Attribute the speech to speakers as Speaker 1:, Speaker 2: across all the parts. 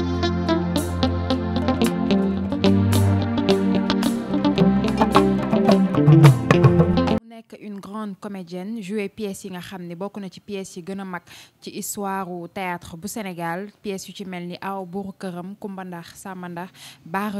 Speaker 1: thank you nekk une grande comédienne joué pièces yi nga xamné bokku na ci pièces yi gëna a mag ci histoire u théâtre bu Sénégal pièces yu ci melni aw buuru këram Kumba Ndax Samba Ndax Baara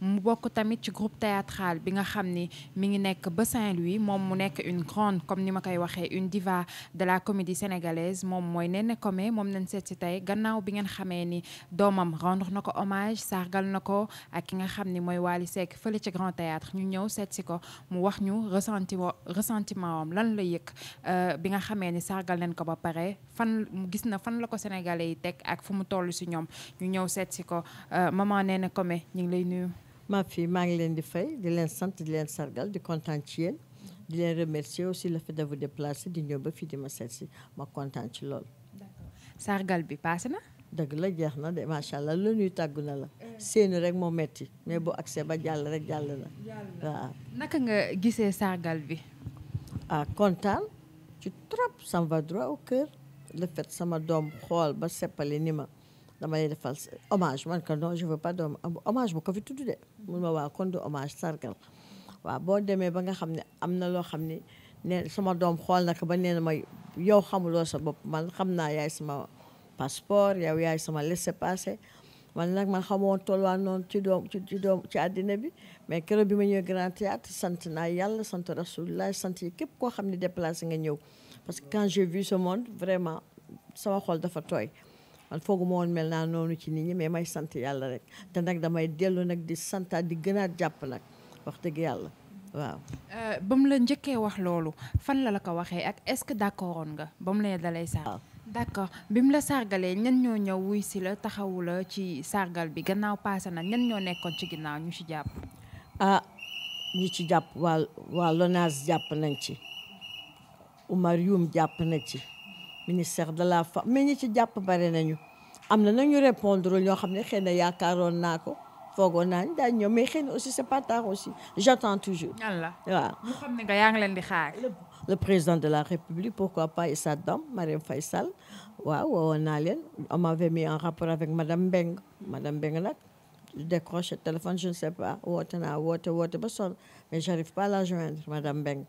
Speaker 1: mu bokku tamit ci groupe théâtral bi nga xamné mi ngi nek ba Saint-Louis mom mu nek une grande comme ni ma koy waxee une diva de la comédie sénégalaise mom moy Néné comé mom lañ seet ci tay gannaaw bi ngeen xamé ni domam rendre nako hommage sargal nako ak ki nga xamné moy mooy Seck fële ci Grand Théâtre ñu ñëw seet ci ko mu wax ñu ressenti wo ressentiment am lan la euh bi nga xamé ni sargal leen ko ba paré fan gis na fan la ko sénégalais yi teg ak fu mu tollu ci ñom ñu ñew seet ci ko euh, maman nee na Kome ñu ngi lay nuyu. ma fi ma ngi leen di fay
Speaker 2: di leen sant di leen sargal di kontaan ci yéen di leen remercier aussi le fait de vous déplacer di ñëw ba fii di ma seet ci ma kontaan ci lool. sargal bi passé na. deug la jeex na de machallah lu la nuy tàggu na la eh. seeni rek mo metti mais bu accès ba jall rek jall na naka nga gisee sargal bi. kontaan ci trop ça me va droit au cœur sama doom xool ba seppali ni ma dama lay defal hommage man ko non je pas doom hommage bu ko fi tudd de mun ma waa kon du hommage sargal waaw boo demee ba nga xam ne am na loo xam ne ne sama doom xool na ko ba nee na ma yow xamuloo sa bopp man xam naa yaay sama passeport yow yaay sama laissez-passer man nag man xamoon tolluwaat noonu ci doom ci ci doom ci àddina bi mais keroog bi ma ñëw Grand Théâtre sant naa yàlla sant rasulullah sant yi képp koo xam ne déplacé nga ñëw parce que quand j'ai sa ce monde vraiment sama xol dafa tooy man foogu ma woon mel naa noonu ci nit ñi mais may sant yàlla rek te nag damay dellu nag di santaat di gënaat jàpp nag
Speaker 1: wax dëgg yàlla waaw. Euh, ba mu la njëkkee wax loolu fan la la ko waxee ak est-ce que d'accordoon nga ba mu la lay saa. d'accord bi mu la sargalee ñan ñoo ñëw wuy si la taxawu la ci sargal bi gannaaw paase na ñan ñoo nekkoon ci ginnaaw ñu ci jàpp. ah
Speaker 2: ñu ci jàpp waa waa jàpp nañ ci Oumar jàpp na ci ministère de la femme mais ñi ci jàpp bare nañu am na ñu répondre ñoo xam ne xëy na yaakaaroon naa ko. foogoon naa ni daañu mais xëy na aussi c'est pas tard aussi j'attends toujours.
Speaker 1: yaa ngi leen di xaar.
Speaker 2: le président de la République, pourquoi pas, et sa dame, Mariam Faisal. Waouh, on allait. On m'avait mis en rapport avec Madame Beng. Madame Beng, je décroche le téléphone, je ne sais pas. Mais je n'arrive pas à la joindre, Madame Beng.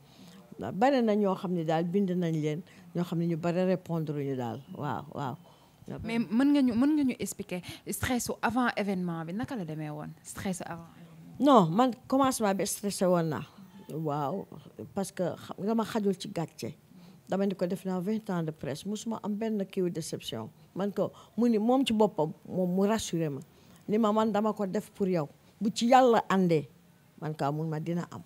Speaker 2: bari na ñoo xam ne bind nañ leen ñoo eu ne ñu bari répondre ñu daal waaw waaw. mais
Speaker 1: mën nga ñu mën nga ñu expliquer stress avant événement bi naka la demee woon stress avant.
Speaker 2: non man commence bi stressé woon naa. waaw parce que nga ma xajul ci gàcce dama ni ko def naa vingt ans de presse musuma am benn kiw déception man ko mu ni moom ci boppam moom mu rassuré ma ni ma man dama ko def pour yow bu ci yàlla àndee man kaa mun ma dina am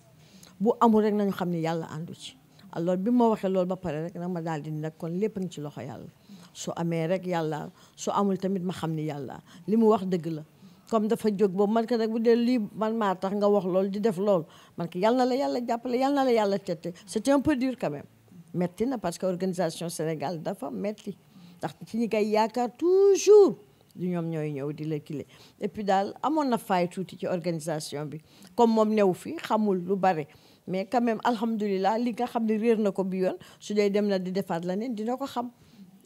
Speaker 2: bu amul rek nañu xam ne yàlla àndu ci alors bi ma waxee loolu ba pare rek nag ma daal di nag kon lépp ngi ci loxo yàlla su amee rek yàlla su amul tamit ma xam ni yàlla li mu wax dëgg la comme dafa jóg boobu man ko nag bu dee lii man ma tax nga wax loolu di def loolu man ki yalla la yalla jàppale yalla la yalla tété c'était un peu dur quand même metti na parce que organisation Sénégal dafa metti ndax ci ñi koy yaakaar toujours du ñom ñoy ñëw di la et puis d'al, amona fay touti ci organisation bi comme mom new fi xamul lu bare mais quand même alhamdoulillah li nga xam rër réer na ko bi yoon su dee dem na di defaat lanen dina ko xam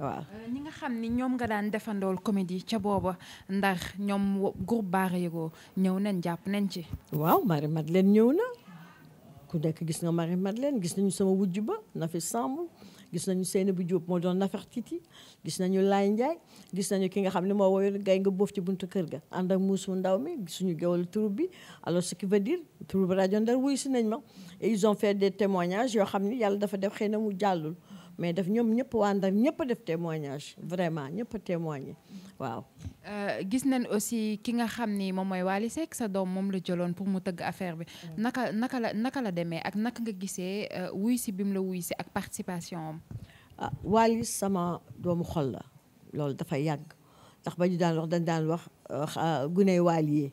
Speaker 2: waaw
Speaker 1: euh, ñi nga xam ni ñoom nga daan defandool comédie ca booba ndax ñoom groupe Baara Yego ñëw nañ jàpp nañ ci.
Speaker 2: waaw Marie leen ñëw na ku nekk gis nga Marie leen gis nañu sama wujj ba Nafi Samb gis nañu Seynabou Diop moo doon Nafar Titi gis nañu laay Ndiaye gis nañu ki nga xam ne moo woyoon gay nga boof ci buntu kër ga ànd ak muusu ndaw mi suñu géwal troupe bi alors ce qui veut dire troupe rajo Ndar wuyu si nañ ma et ils ont fait des yoo xam ne yàlla dafa def xëy na mu jàllul. mais daf ñom ñëpp waa Ndar
Speaker 1: ñëpp def témoignage vraiment ñëpp témoigner waaw euh gis nañ aussi ki nga xamni mom moy mooy sek sa doom mom la jëloon pour mu teug affaire bi naka naka la naka la démé ak naka nga gissé euh, wuy ci bim la wuy ci ak participation am. ah
Speaker 2: sama doom xol la lool dafa yag ndax ba ñu daan wax dañ daan wax euh, guney Wally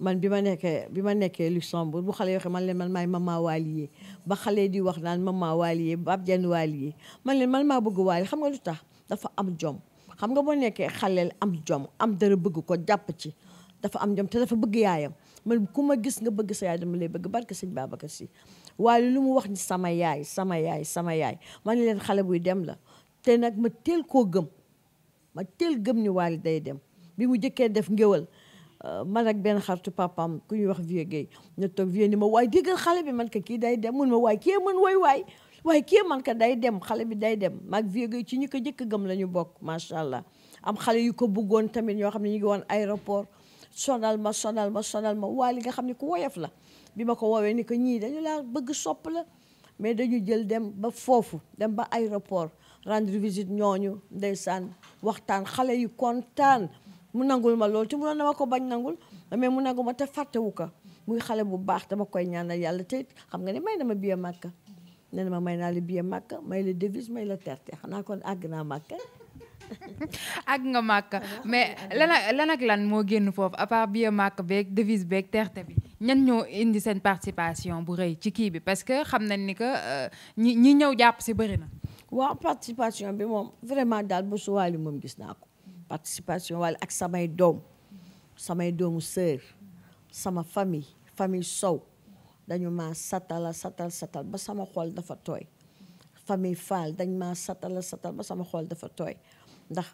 Speaker 2: man bi ma nekkee bi ma nekkee Luxembourg bu xale yoo xam man leen man maay mama waaliye ba xale di wax naan mama waaliye baab jenn waaliye man leen man maa bëgg waali xam nga lu tax dafa am jomm xam nga boo nekkee xaleel am jomm am dara bëgg ko jàpp ci dafa am jom te dafa bëgg yaayam man ku ma gis nga bëgg sa yaay ma lay bëgg barke sëñ Babacar Si waaye lu mu wax ni sama yaay sama yaay sama yaay man leen xale buy dem la te nag ma teel koo gëm ma teel gëm ni waali day dem bi mu jëkkee def ngéwal Euh, man ak benn xaritu papam ku ñuy wax vieux Guèye ñu ma waay déggal xale bi man kii day dem mun ma waay kii mën waay waaye kii man ka day dem xale bi day dem maag vieux ci ñu ko njëkk gëm la bokk macha allah am xale yu ko buggoon tamit ñoo xam ne ñu ngi woon aéroport sonal ma sonal ma sonal ma waa li nga xam ne ku woyof la bi ma ko woowee ni ko ñii dañu laa bëgg sopp la mais dañu jël dem ba foofu dem ba aéroport rendre visite ñooñu ndeysaan waxtaan xale yu kontaan mu nangul ma lol ci mu na ma ko bañ nangul mais mu nangul ma te fàttewu wuka muy xalé bu baax dama koy ñaanal yalla te xam nga ni may na ma billet màkka nee na ma may na la billet makka may le devise may le terte xana kon
Speaker 1: àgg naa màkka ak nga màkk mais lan lan ak lan mo génn fofu a part biir makka bek devise bek terte bi ñan ñoo indi sen participation bu reuy ci ki bi parce que xam nañ ni que euh, ñi ñew japp ci si bëri na. waaw participation
Speaker 2: bi mom vraiment dal bu suwaali mom gis naa participation wala ak samay doom samay doomu sœur sama famille famille Sow dañu ma satala satal satal ba sama xol dafa tooy famille Fall dañ ma satala satal ba sama xol dafa tooy ndax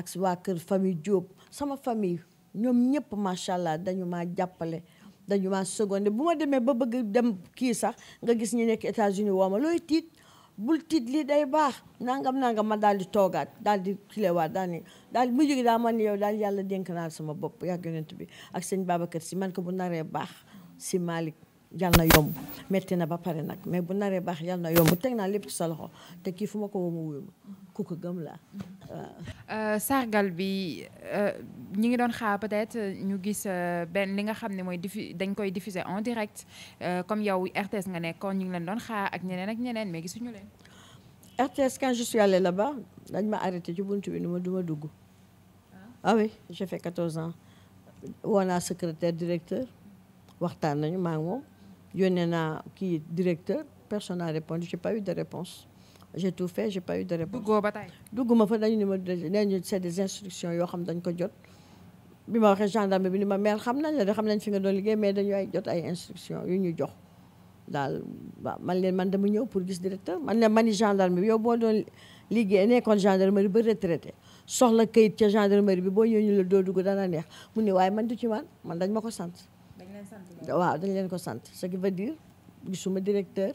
Speaker 2: ak waa kër famille Diop sama famille ñoom ñëpp macha allah dañu maa jàppale dañu maa seconde bu ma demee ba bëgg dem kii sax nga gis ñu nekk États-Unis woo ma looy tiit bul tiit lii day baax nangam nangam ma daal di toogaat daal di kilewaat daal ni daal mujj gi daa man yow daal yàlla dénk naa sama bopp yàgg yonent bi ak sëñ Babacar si man ko bu naree baax si Malick yàlla na yomb metti na ba pare nag mais bu naree baax yàlla na yomb teg naa lépp ci sa loxo te kii fu ma ko woo mu ma
Speaker 1: ku gëm laa euh sargal bi euh, ñi ngi doon xaar peut-être ñu gis ben li nga xamné moy dañ koy diffuser en direct euh, comme yow RTS nga nekkoon ñu ngi leen doon xaar ak ñeneen ak ñeneen mais gisuñu leen.
Speaker 2: RTS quand je suis allé là-bas dañ ma arrêté ci buntu bi ni ma du ma dugg. ah, ah oui j'ai fait 14 ans woo secrétaire directeur waxtaan nañu ma ngi mom yonena ki directeur personne n'a répondu j'ai pas eu de réponse j'ai tout fait j'ai pas eu de réponse duggoo ba tey fa dañu ni ma nee ñu c'est des instructions yo xam dañ ko jot Bima waxe gendarme bi ni ma mère xam nañ la de xam nañ fi nga do liggéey mais dañu ay jot ay instructions yu ñu jox Dal waaw man leen man dama ñëw pour gis directeur man leen mani gendarme bi yow boo doon liggéey nekkoon gendarmerie bi retraité soxla kayit ci gendarmerie bi bo ñu la doo dugg dana neex mu ni way man du ci man man dañ mako sante. Dañ leen sante. waaw dañ leen ko sante. ce qui veut dire gisuma directeur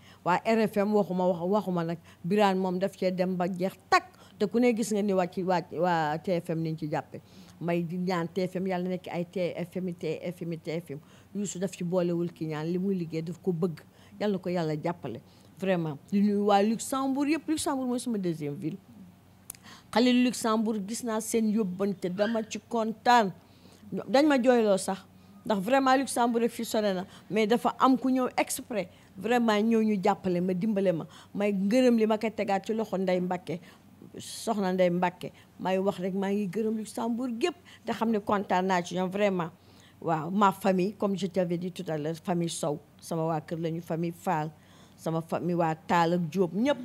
Speaker 2: waa RFM waxuma wax waxuma nag Birane moom def cee dem ba jeex takk te ku ne gis nga ni waa ci waa waa TFM niñ ci jàppe may di ñaan TFM yàlla nekk ay TFM TFM TFM Youssou def ci boolewul ki ñaan li muy liggéey daf ko bëgg yàlla ko yàlla jàppale vraiment di nuyu waa Luxembourg yëpp Luxembourg mooy sama deuxième ville xale Luxembourg gis naa seen yóbbante dama ci kontaan dañ ma jooyloo sax ndax vraiment Luxembourg rek fii sore na mais dafa am ku ñëw exprès vraiment ñëw ñu jàppale ma dimbale ma may gërëm li ma ko tegaat ci loxo Ndeye Mbacke soxna Ndeye Mbacke may wax rek maa ngi gërëm Luxembourg gépp te xam ne kontaan naa ci ñoom vraiment waaw ma famille comme je t'avais dit tout à famille Sow sama waa kër lañu famille Fall sama famille waa Taal ak jóob ñëpp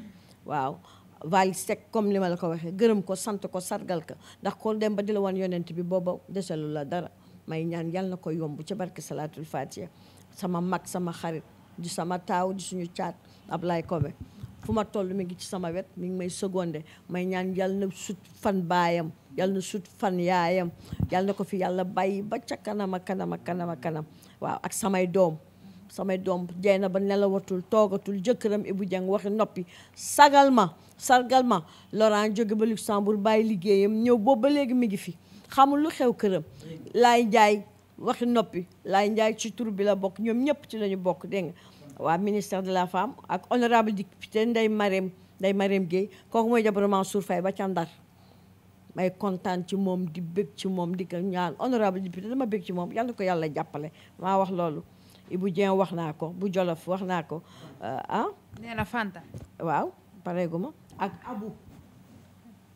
Speaker 2: waaw Wally Seck comme li ma la ko waxee gërëm ko sant ko sargal ka ndax ko dem ba di la woon yonent bi booba deselu la dara may ñaan yàlla na ko yomb ci barke salaatul fatiha sama mag sama xarit di sama taaw di suñu caat ab Ablaye Kobe fu ma toll mi ngi ci sama wet mi ngi may seconde may ñaan yàlla na sut fan baayam yàlla na sut fan yaayam yàlla na ko fi yàlla bàyyi ba ca kanam a kanam a kanam kanam waaw ak samay doom samay doom jey na ba nelawatul toogatul jëkkëram Ibou Dieng waxi noppi sagal ma sargal ma Laurent jóge ba Luxembourg bàyyi liggéeyam ñëw boobu ba léegi mi ngi fi xamul lu xew këram laay jaay waxi noppi laay njaay ci tur bi la bokk ñoom ñëpp ci lañu bokk dégg nga waa ministère de la femme ak honorable député nday Marème Ndeye Marème Guèye kooku mooy jabaru Mansour ba ca Ndar may kontaan ci moom di bég ci moom di ko ñaan honorable député dama bég ci moom yàlla ko yàlla jàppale maa wax loolu bu Dieng wax naa ko bu Jolof wax naa ko euh, ah nee na Fanta waaw pareeguma ak abu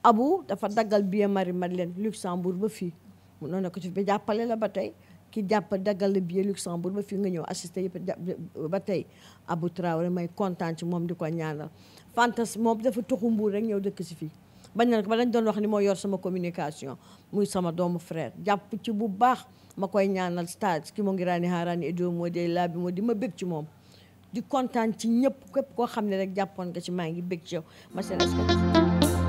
Speaker 2: abu dafa daggal mari Marie leen Luxembourg ba fii mu noonu ko ci ba jàppale la ba tey ki jàpp daggal la billet Luxembourg ba fi nga ñëw assisté yëpp ba tey Abou Traoré may kontaan ci moom di ko ñaanal fantas moom dafa tuxu mbuur rek ñëw dëkk si fii bañ na ba lañ doon wax ni moo yor sama communication muy sama doomu frère jàpp ci bu baax ma koy ñaanal stage ki mu ngi raani haaraani edo moo dee laa bi moo di ma bég ci moom di kontaan ci ñëpp képp koo xam ne rek jàppoon nga ci maa ngi bég ci yow ma seen